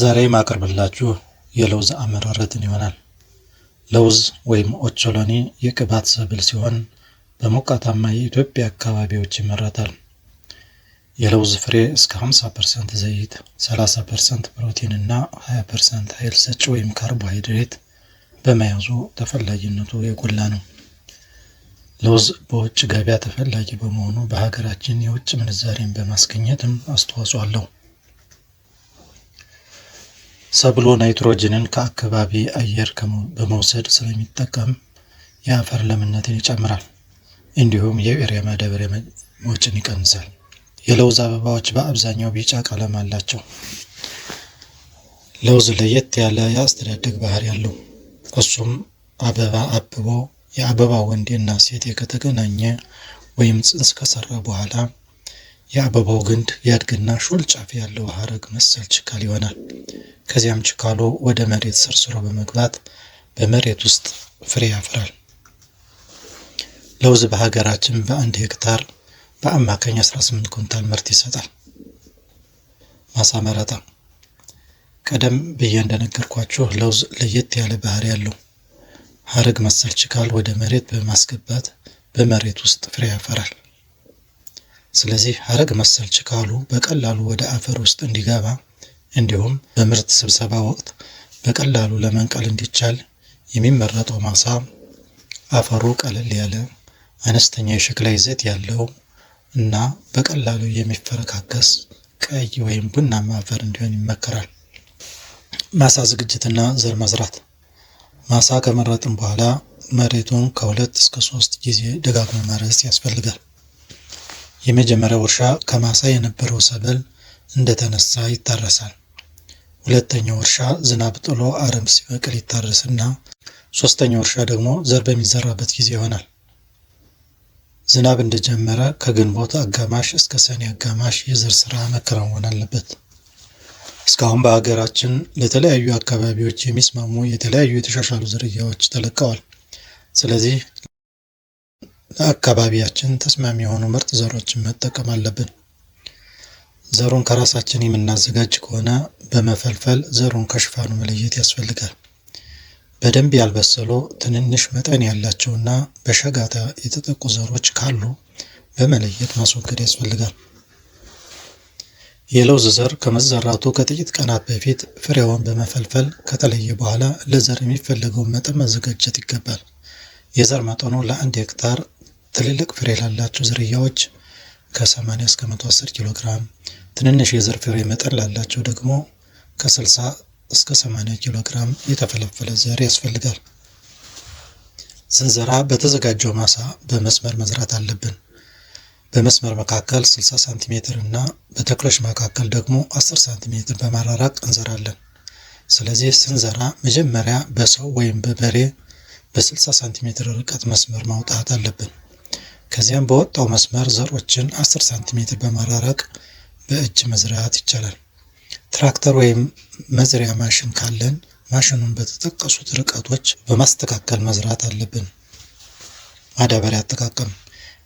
ዛሬ ማቀርብላችሁ የለውዝ አመራረትን ይሆናል። ለውዝ ወይም ኦቾሎኒ የቅባት ሰብል ሲሆን በሞቃታማ የኢትዮጵያ አካባቢዎች ይመረታል። የለውዝ ፍሬ እስከ 50 ፐርሰንት ዘይት፣ 30 ፐርሰንት ፕሮቲን እና 20 ፐርሰንት ኃይል ሰጪ ወይም ካርቦሃይድሬት በመያዙ ተፈላጊነቱ የጎላ ነው። ለውዝ በውጭ ገበያ ተፈላጊ በመሆኑ በሀገራችን የውጭ ምንዛሬን በማስገኘትም አስተዋጽኦ አለው። ሰብሎ ናይትሮጅንን ከአካባቢ አየር በመውሰድ ስለሚጠቀም የአፈር ለምነትን ይጨምራል። እንዲሁም የዩሪያ ማዳበሪያ ወጪን ይቀንሳል። የለውዝ አበባዎች በአብዛኛው ቢጫ ቀለም አላቸው። ለውዝ ለየት ያለ የአስተዳደግ ባህሪ አለው። እሱም አበባ አብቦ የአበባ ወንዴና ሴቴ ከተገናኘ ወይም ጽንስ ከሰራ በኋላ የአበባው ግንድ ያድግና ሾል ጫፍ ያለው ሀረግ መሰል ችካል ይሆናል። ከዚያም ችካሎ ወደ መሬት ሰርስሮ በመግባት በመሬት ውስጥ ፍሬ ያፈራል። ለውዝ በሀገራችን በአንድ ሄክታር በአማካኝ 18 ኩንታል ምርት ይሰጣል። ማሳ መረጣ ቀደም ብዬ እንደነገርኳችሁ ለውዝ ለየት ያለ ባህሪ ያለው ሀረግ መሰል ችካል ወደ መሬት በማስገባት በመሬት ውስጥ ፍሬ ያፈራል። ስለዚህ ሀረግ መሰል ችካሉ በቀላሉ ወደ አፈር ውስጥ እንዲገባ እንዲሁም በምርት ስብሰባ ወቅት በቀላሉ ለመንቀል እንዲቻል የሚመረጠው ማሳ አፈሩ ቀለል ያለ፣ አነስተኛ የሸክላ ይዘት ያለው እና በቀላሉ የሚፈረካከስ ቀይ ወይም ቡናማ አፈር እንዲሆን ይመከራል። ማሳ ዝግጅትና ዘር መዝራት ማሳ ከመረጥን በኋላ መሬቱን ከሁለት እስከ ሶስት ጊዜ ደጋግሞ ማረስ ያስፈልጋል። የመጀመሪያው እርሻ ከማሳ የነበረው ሰብል እንደተነሳ ይታረሳል። ሁለተኛው እርሻ ዝናብ ጥሎ አረም ሲበቅል ይታረስና ሶስተኛው እርሻ ደግሞ ዘር በሚዘራበት ጊዜ ይሆናል። ዝናብ እንደጀመረ ከግንቦት አጋማሽ እስከ ሰኔ አጋማሽ የዘር ስራ መከናወን አለበት። እስካሁን በሀገራችን ለተለያዩ አካባቢዎች የሚስማሙ የተለያዩ የተሻሻሉ ዝርያዎች ተለቀዋል። ስለዚህ ለአካባቢያችን ተስማሚ የሆኑ ምርጥ ዘሮችን መጠቀም አለብን። ዘሩን ከራሳችን የምናዘጋጅ ከሆነ በመፈልፈል ዘሩን ከሽፋኑ መለየት ያስፈልጋል። በደንብ ያልበሰሉ ትንንሽ መጠን ያላቸውና በሸጋታ የተጠቁ ዘሮች ካሉ በመለየት ማስወገድ ያስፈልጋል። የለውዝ ዘር ከመዘራቱ ከጥቂት ቀናት በፊት ፍሬውን በመፈልፈል ከተለየ በኋላ ለዘር የሚፈለገውን መጠን ማዘጋጀት ይገባል። የዘር መጠኑ ለአንድ ሄክታር ትልልቅ ፍሬ ላላቸው ዝርያዎች ከ80 እስከ 110 ኪሎ ግራም፣ ትንንሽ የዘር ፍሬ መጠን ላላቸው ደግሞ ከ60 እስከ 80 ኪሎ ግራም የተፈለፈለ ዘር ያስፈልጋል። ዝንዘራ በተዘጋጀው ማሳ በመስመር መዝራት አለብን። በመስመር መካከል 60 ሳንቲሜትር እና በተክሎች መካከል ደግሞ 10 ሳንቲሜትር በማራራቅ እንዘራለን። ስለዚህ ስንዘራ መጀመሪያ በሰው ወይም በበሬ በ60 ሳንቲሜትር ርቀት መስመር ማውጣት አለብን። ከዚያም በወጣው መስመር ዘሮችን 10 ሳንቲሜትር በማራራቅ በእጅ መዝራት ይቻላል። ትራክተር ወይም መዝሪያ ማሽን ካለን ማሽኑን በተጠቀሱት ርቀቶች በማስተካከል መዝራት አለብን። ማዳበሪያ አጠቃቀም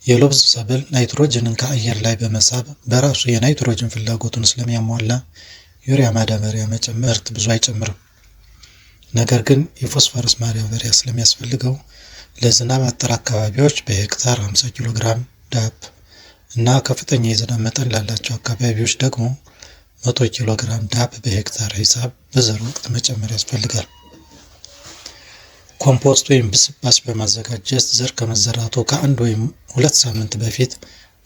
የሎብዝ ሰብል ናይትሮጅንን ከአየር ላይ በመሳብ በራሱ የናይትሮጅን ፍላጎቱን ስለሚያሟላ ዩሪያ ማዳበሪያ መጨመርት ብዙ አይጨምርም። ነገር ግን የፎስፈረስ ማዳበሪያ ስለሚያስፈልገው ለዝናብ አጠር አካባቢዎች በሄክታር 50 ኪሎ ግራም ዳፕ እና ከፍተኛ የዝናብ መጠን ላላቸው አካባቢዎች ደግሞ 100 ኪሎ ግራም ዳፕ በሄክታር ሂሳብ በዘር ወቅት መጨመር ያስፈልጋል። ኮምፖስት ወይም ብስባስ በማዘጋጀት ዘር ከመዘራቱ ከአንድ ወይም ሁለት ሳምንት በፊት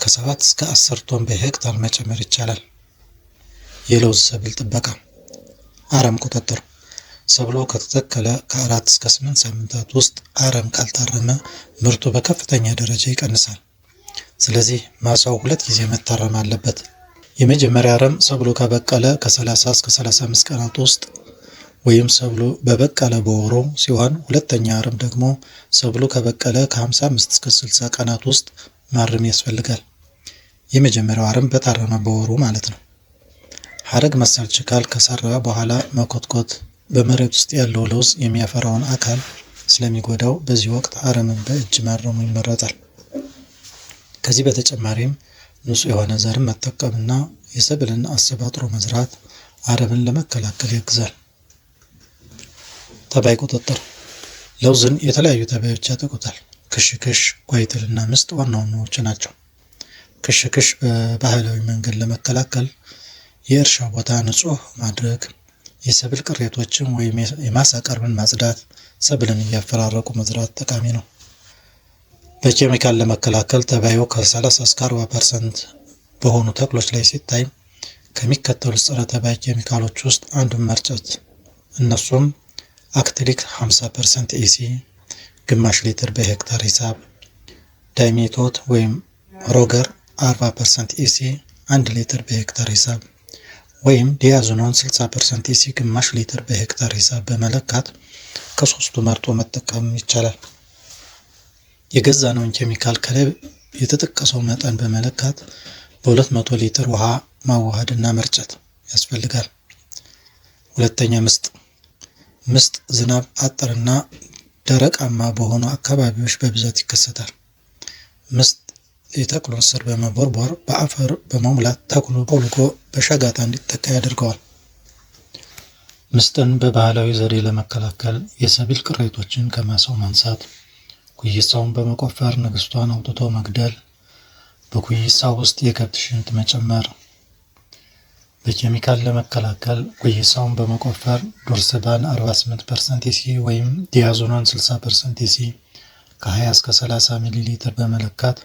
ከሰባት እስከ አስር ቶን በሄክታር መጨመር ይቻላል። የለውዝ ሰብል ጥበቃ፣ አረም ቁጥጥር ሰብሎ ከተተከለ ከአራት እስከ ስምንት ሳምንታት ውስጥ አረም ካልታረመ ምርቱ በከፍተኛ ደረጃ ይቀንሳል። ስለዚህ ማሳው ሁለት ጊዜ መታረም አለበት። የመጀመሪያ አረም ሰብሎ ከበቀለ ከ30 እስከ 35 ቀናት ውስጥ ወይም ሰብሎ በበቀለ በወሩ ሲሆን ሁለተኛ አረም ደግሞ ሰብሎ ከበቀለ ከ55 እስከ 60 ቀናት ውስጥ ማረም ያስፈልጋል። የመጀመሪያው አረም በታረመ በወሩ ማለት ነው። ሐረግ መሰል ችካል ከሰራ በኋላ መኮትኮት በመሬት ውስጥ ያለው ለውዝ የሚያፈራውን አካል ስለሚጎዳው በዚህ ወቅት አረምን በእጅ ማረሙ ይመረጣል። ከዚህ በተጨማሪም ንጹህ የሆነ ዘርን መጠቀምና የሰብልን አሰባጥሮ መዝራት አረምን ለመከላከል ያግዛል። ተባይ ቁጥጥር ለውዝን የተለያዩ ተባዮች ያጠቁታል። ክሽክሽ፣ ጓይትልና ምስጥ ዋና ዋናዎቹ ናቸው። ክሽክሽ በባህላዊ መንገድ ለመከላከል የእርሻ ቦታ ንጹህ ማድረግ የሰብል ቅሬቶችን ወይም የማሳ ቀርብን ማጽዳት፣ ሰብልን እያፈራረቁ መዝራት ጠቃሚ ነው። በኬሚካል ለመከላከል ተባዩ ከ30 እስከ 40 ፐርሰንት በሆኑ ተክሎች ላይ ሲታይ ከሚከተሉት ጸረ ተባይ ኬሚካሎች ውስጥ አንዱን መርጨት። እነሱም አክትሊክ 50 ፐርሰንት ኤሲ ግማሽ ሊትር በሄክታር ሂሳብ፣ ዳይሜቶት ወይም ሮገር 40 ፐርሰንት ኤሲ 1 ሊትር በሄክታር ሂሳብ ወይም ዲያዝኖን 60 ፐርሰንት የሲ ግማሽ ሊትር በሄክታር ሂሳብ በመለካት ከሶስቱ መርጦ መጠቀም ይቻላል። የገዛነውን ኬሚካል ከላይ የተጠቀሰው መጠን በመለካት በ200 ሊትር ውሃ ማዋሃድና መርጨት ያስፈልጋል። ሁለተኛ ምስጥ ምስጥ ዝናብ አጠርና ደረቃማ በሆኑ አካባቢዎች በብዛት ይከሰታል። ምስጥ የተክሉን ስር በመቦርቦር በአፈር በመሙላት ተክሉ ኮልኮ በሸጋታ እንዲተካ ያደርገዋል። ምስጥን በባህላዊ ዘዴ ለመከላከል የሰብል ቅሬቶችን ከማሳው ማንሳት፣ ኩይሳውን በመቆፈር ንግስቷን አውጥቶ መግደል፣ በኩይሳ ውስጥ የከብት ሽንት መጨመር። በኬሚካል ለመከላከል ኩይሳውን በመቆፈር ዱርስባን 48 ፐርሰንት ወይም ዲያዞናን 60 ፐርሰንት ከ20 እስከ 30 ሚሊ ሊትር በመለካት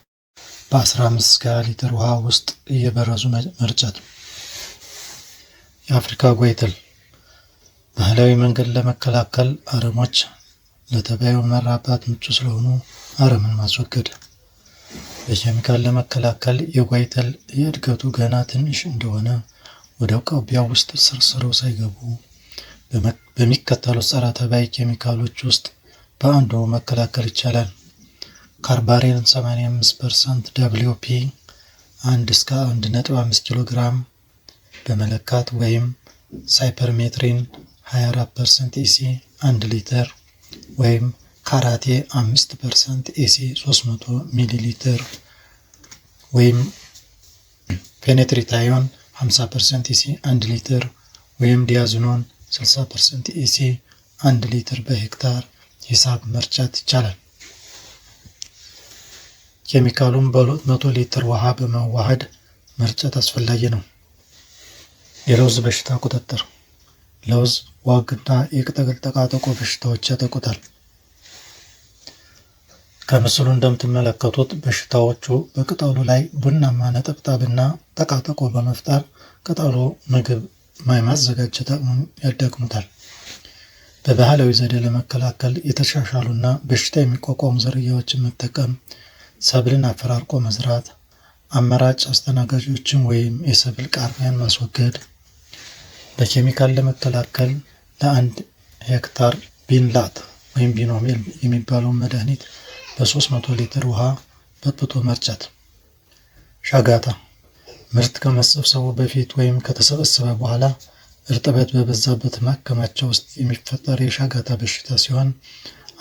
በ15 ሊትር ውሃ ውስጥ እየበረዙ መርጨት። የአፍሪካ ጓይትል ባህላዊ መንገድ ለመከላከል አረሞች ለተባዩ መራባት ምቹ ስለሆኑ አረምን ማስወገድ። በኬሚካል ለመከላከል የጓይትል የእድገቱ ገና ትንሽ እንደሆነ ወደ አውቃቢያው ውስጥ ስርስረው ሳይገቡ በሚከተሉት ጸረ ተባይ ኬሚካሎች ውስጥ በአንዱ መከላከል ይቻላል። ካርባሪን 85% ፒ 1 እስከ 1.5 ኪሎ ግራም በመለካት ወይም ሳይፐርሜትሪን 24% ኢሲ 1 ሊትር ወይም ካራቴ 5% ኢሲ 300 ሚሊ ሊትር ወይም ፔኔትሪታዮን 50% ኢሲ 1 ሊትር ወይም ዲያዝኖን 60% ኢሲ 1 ሊትር በሄክታር ሂሳብ መርጫት ይቻላል። ኬሚካሉን በ200 ሊትር ውሃ በመዋሃድ መርጨት አስፈላጊ ነው። የለውዝ በሽታ ቁጥጥር ለውዝ ዋግና የቅጠል ጠቃጠቆ በሽታዎች ያጠቁታል። ከምስሉ እንደምትመለከቱት በሽታዎቹ በቅጠሉ ላይ ቡናማ ነጠብጣብና ጠቃጠቆ በመፍጠር ቅጠሉ ምግብ የማዘጋጀት አቅሙን ያዳክሙታል። በባህላዊ ዘዴ ለመከላከል የተሻሻሉና በሽታ የሚቋቋሙ ዝርያዎችን መጠቀም ሰብልን አፈራርቆ መዝራት፣ አማራጭ አስተናጋጆችን ወይም የሰብል ቃርሚያን ማስወገድ፣ በኬሚካል ለመከላከል ለአንድ ሄክታር ቢንላት ወይም ቢኖሜል የሚባለውን መድኃኒት በ300 ሊትር ውሃ በጥብጦ መርጨት። ሻጋታ ምርት ከመሰብሰቡ በፊት ወይም ከተሰበሰበ በኋላ እርጥበት በበዛበት ማከማቻ ውስጥ የሚፈጠር የሻጋታ በሽታ ሲሆን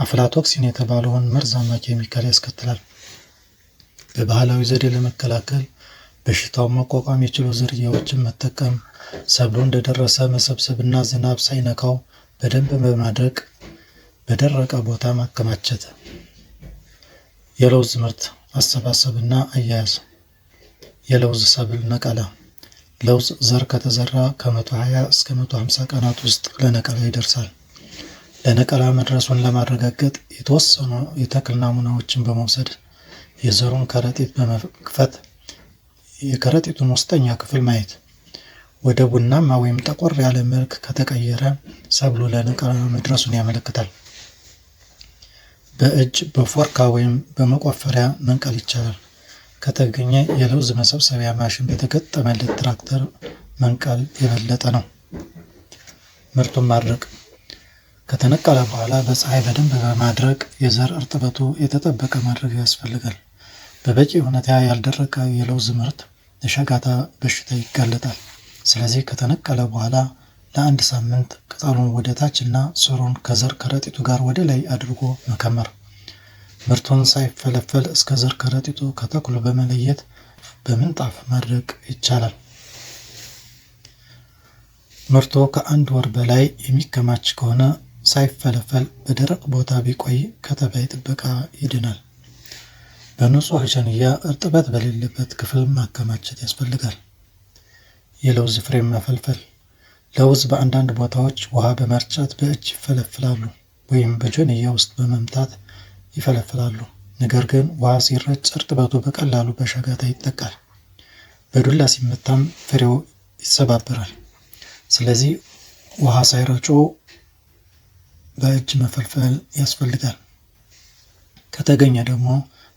አፍላቶክሲን የተባለውን መርዛማ ኬሚካል ያስከትላል። በባህላዊ ዘዴ ለመከላከል በሽታውን መቋቋም የችሉ ዝርያዎችን መጠቀም፣ ሰብሉ እንደደረሰ መሰብሰብና ዝናብ ሳይነካው በደንብ በማድረቅ በደረቀ ቦታ ማከማቸት። የለውዝ ምርት አሰባሰብና አያያዝ፣ የለውዝ ሰብል ነቀላ። ለውዝ ዘር ከተዘራ ከ120 እስከ 150 ቀናት ውስጥ ለነቀላ ይደርሳል። ለነቀላ መድረሱን ለማረጋገጥ የተወሰኑ የተክል ናሙናዎችን በመውሰድ የዘሩን ከረጢት በመክፈት የከረጢቱን ውስጠኛ ክፍል ማየት ወደ ቡናማ ወይም ጠቆር ያለ መልክ ከተቀየረ ሰብሉ ለነቀላ መድረሱን ያመለክታል። በእጅ በፎርካ ወይም በመቆፈሪያ መንቀል ይቻላል። ከተገኘ የለውዝ መሰብሰቢያ ማሽን በተገጠመለት ትራክተር መንቀል የበለጠ ነው። ምርቱን ማድረቅ ከተነቀለ በኋላ በፀሐይ በደንብ በማድረቅ የዘር እርጥበቱ የተጠበቀ ማድረግ ያስፈልጋል። በበቂ ሁኔታ ያልደረቀ የለውዝ ምርት ለሸጋታ በሽታ ይጋለጣል። ስለዚህ ከተነቀለ በኋላ ለአንድ ሳምንት ቅጠሉን ወደ ታች እና ሥሩን ከዘር ከረጢቱ ጋር ወደ ላይ አድርጎ መከመር። ምርቱን ሳይፈለፈል እስከ ዘር ከረጢቱ ከተክሉ በመለየት በምንጣፍ ማድረቅ ይቻላል። ምርቱ ከአንድ ወር በላይ የሚከማች ከሆነ ሳይፈለፈል በደረቅ ቦታ ቢቆይ ከተባይ ጥበቃ ይድናል። በንጹህ ጀንያ እርጥበት በሌለበት ክፍል ማከማቸት ያስፈልጋል። የለውዝ ፍሬ መፈልፈል ለውዝ በአንዳንድ ቦታዎች ውሃ በመርጨት በእጅ ይፈለፍላሉ ወይም በጆንያ ውስጥ በመምታት ይፈለፍላሉ። ነገር ግን ውሃ ሲረጭ እርጥበቱ በቀላሉ በሸጋታ ይጠቃል፣ በዱላ ሲመታም ፍሬው ይሰባበራል። ስለዚህ ውሃ ሳይረጩ በእጅ መፈልፈል ያስፈልጋል። ከተገኘ ደግሞ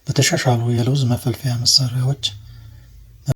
በተሻሻሉ የለውዝ መፈልፈያ መሣሪያዎች